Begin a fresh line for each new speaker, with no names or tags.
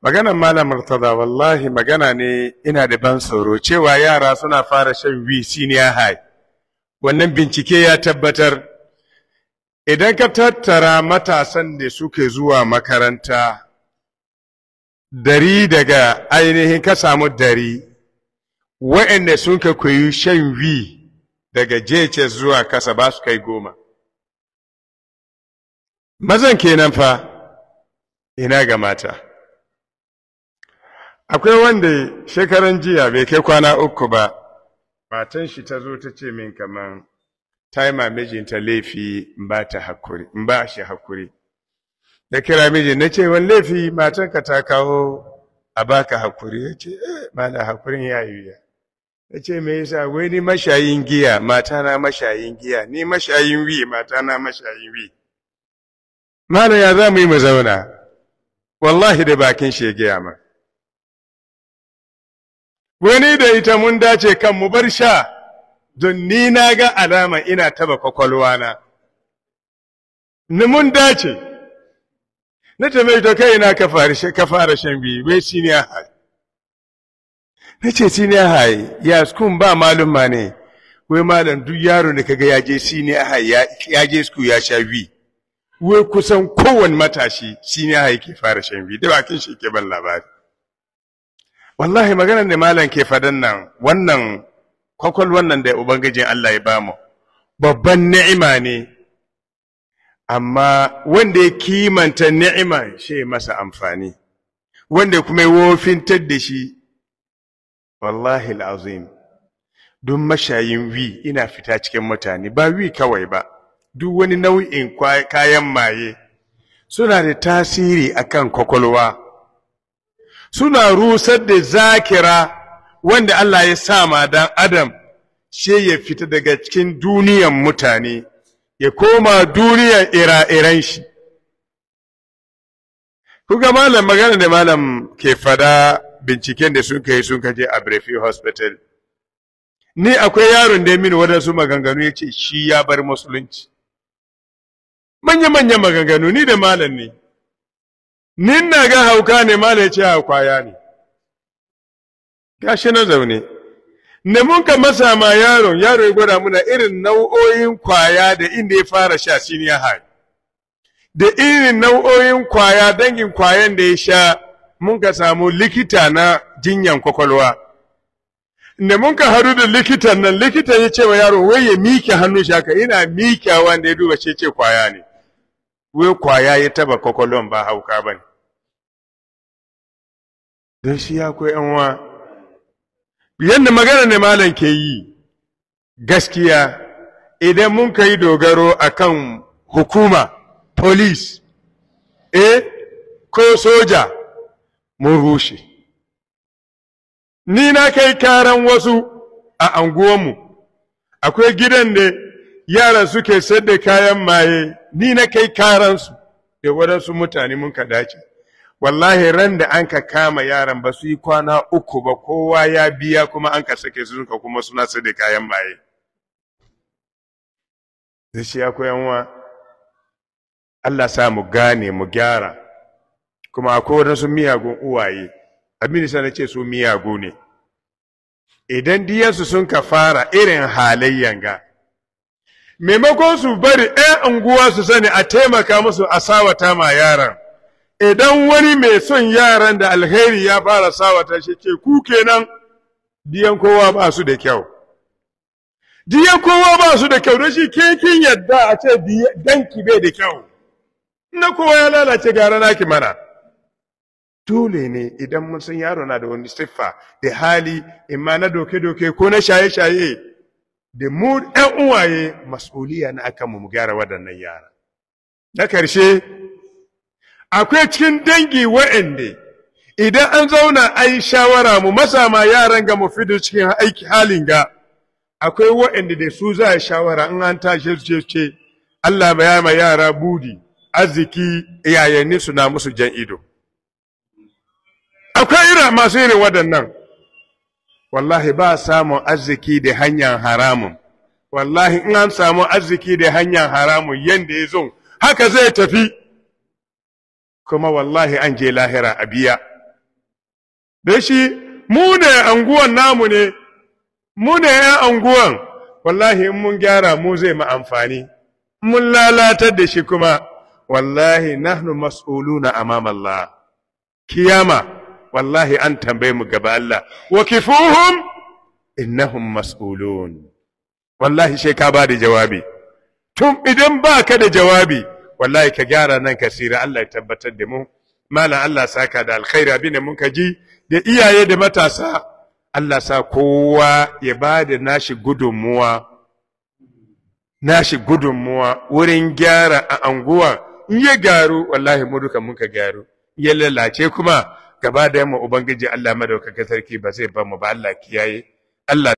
maganan malam murtaza wallahi magana ne ina da ban tsoro cewa yara suna fara shan wi senior high wannan bincike ya tabbatar idan ka tattara matasan da suke zuwa makaranta dari daga ainihin ka samu dari wa'anda sun ka koyi shan wi daga JHS zuwa kasa ba su kai goma mazan kenan fa ina ga mata akwai wanda shekaran jiya bai kai kwana uku ba matan shi ta zo ta ce min kaman taima mijinta laifi ba ta hakuri ba shi hakuri da kira mijin na ce wani laifi matanka ta kawo a baka hakuri ya ce eh mana hakurin ya yi ya na ce me yasa wai ni mashayin giya mata na mashayin giya ni mashayin wi mata na mashayin wi mana ya za mu yi mu zauna wallahi da bakin shi ya gaya ma wani da ita mun dace kan mu bar sha don ni na ga alama ina taba kwakwalwana ni mun dace na tambayi ta kai na ka fara shan biyu bai shi ne hai na ce shi ne hai ya skun ba malumma ne wai malam duk yaro da kaga ya je shi ne hai ya je sku ya sha biyu wai kusan kowane matashi shi ne hai ke fara shan biyu da bakin shi ke ban labari wallahi maganar da malam ke fadan nan wannan kwakwal wannan da ubangijin Allah ya bamu babban ni'ima ne amma wanda ya kimanta ni'ima shi masa amfani wanda kuma ya wofintar da shi wallahi al'azim don mashayin wi ina fita cikin mutane ba wi kawai ba duk wani nau'in kayan maye suna da tasiri akan kwakwalwa suna rusar da zakira wanda Allah ya sa ma dan adam she ya fita daga cikin duniyan mutane ya koma duniyan ira-iran shi kuga malam magana da malam ke fada binciken da suka yi sun kaje a Brefi Hospital ni akwai yaron da mini wadansu maganganu ya ce shi ya bar musulunci manya-manyan maganganu ni da malam ne nin na ga hauka ne mala ya ce ya ne gashi na zaune ne mun ka masa ma yaron yaro ya gwada muna irin nau'o'in kwaya da inda ya fara sha ya hari, da irin nau'o'in kwaya dangin kwayan da ya sha mun ka samu likita na jinyan kwakwalwa da mun ka haru da likitan nan likitan ya ce wa yaro wai ya miƙe hannu shi haka ina miƙe wanda ya duba ce ce kwaya ne wai kwaya ya taba kwakwalwan ba hauka ba ne gaskiya ko yanwa yadda magana ne malam ke yi gaskiya idan mun kai dogaro akan hukuma police eh ko soja mun rushe ni na kai karan wasu a anguwanmu akwai gidan da yaran suke sarda kayan maye ni na kai karansu da waɗansu mutane mun ka dace wallahi ran da an ka kama yaran ba su yi kwana uku ba kowa ya biya kuma an ka sake su suka kuma suna su da kayan maye zai shi ya koyan Allah sa mu gane mu gyara kuma akwai sun miyagun uwaye abin da na ce su miyagu ne idan diyansu sun ka fara irin halayyan ga maimakon su bari 'yan unguwa su sani a taimaka musu a sawata ma yaran idan wani mai son yaran da alheri ya fara sawata shi ce ku kenan diyan kowa ba su da kyau diyan kowa ba su da kyau da shi ke kin yadda a ce danki bai da kyau na kowa ya lalace gara naki mana dole ne idan mun san yaro na da wani siffa da hali imma na doke-doke ko na shaye-shaye da mu ɗan uwaye mas'uliya na akan mu gyara waɗannan yara na karshe akwai cikin dangi wa'anda idan an zauna a shawara mu masa ma yaran ga mu fidu cikin aiki halin ga akwai wa'anda da su za a shawara in an tashi su ce Allah ya ma yara budi arziki iyayenni su na musu jan ido akwai ira masu irin waɗannan wallahi ba samun arziki da hanyar haramun wallahi in an samu arziki da hanyar haramun yanda ya haka zai tafi kuma wallahi an je lahira a biya da shi mu ne anguwan namu ne mu ne yan anguwan wallahi in mun gyara mu zai mu amfani mun lalatar da shi kuma wallahi nahnu mas'uluna amam Allah kiyama wallahi an tambaye mu gaba Allah wa kifuhum innahum mas'ulun wallahi sai Wallahi ba da jawabi tun idan baka da jawabi wallahi ka gyara nan ka sira Allah ya tabbatar da mu malam Allah saka da alkhairi abin da muka ji da iyaye da matasa Allah sa kowa ya ba da nashi gudunmuwa nashi gudunmuwa wurin gyara a anguwa in ya gyaru wallahi mu duka muka gyaru ya lalace kuma gaba da yamma ubangiji Allah madaukakin sarki ba zai ba mu ba Allah kiyaye Allah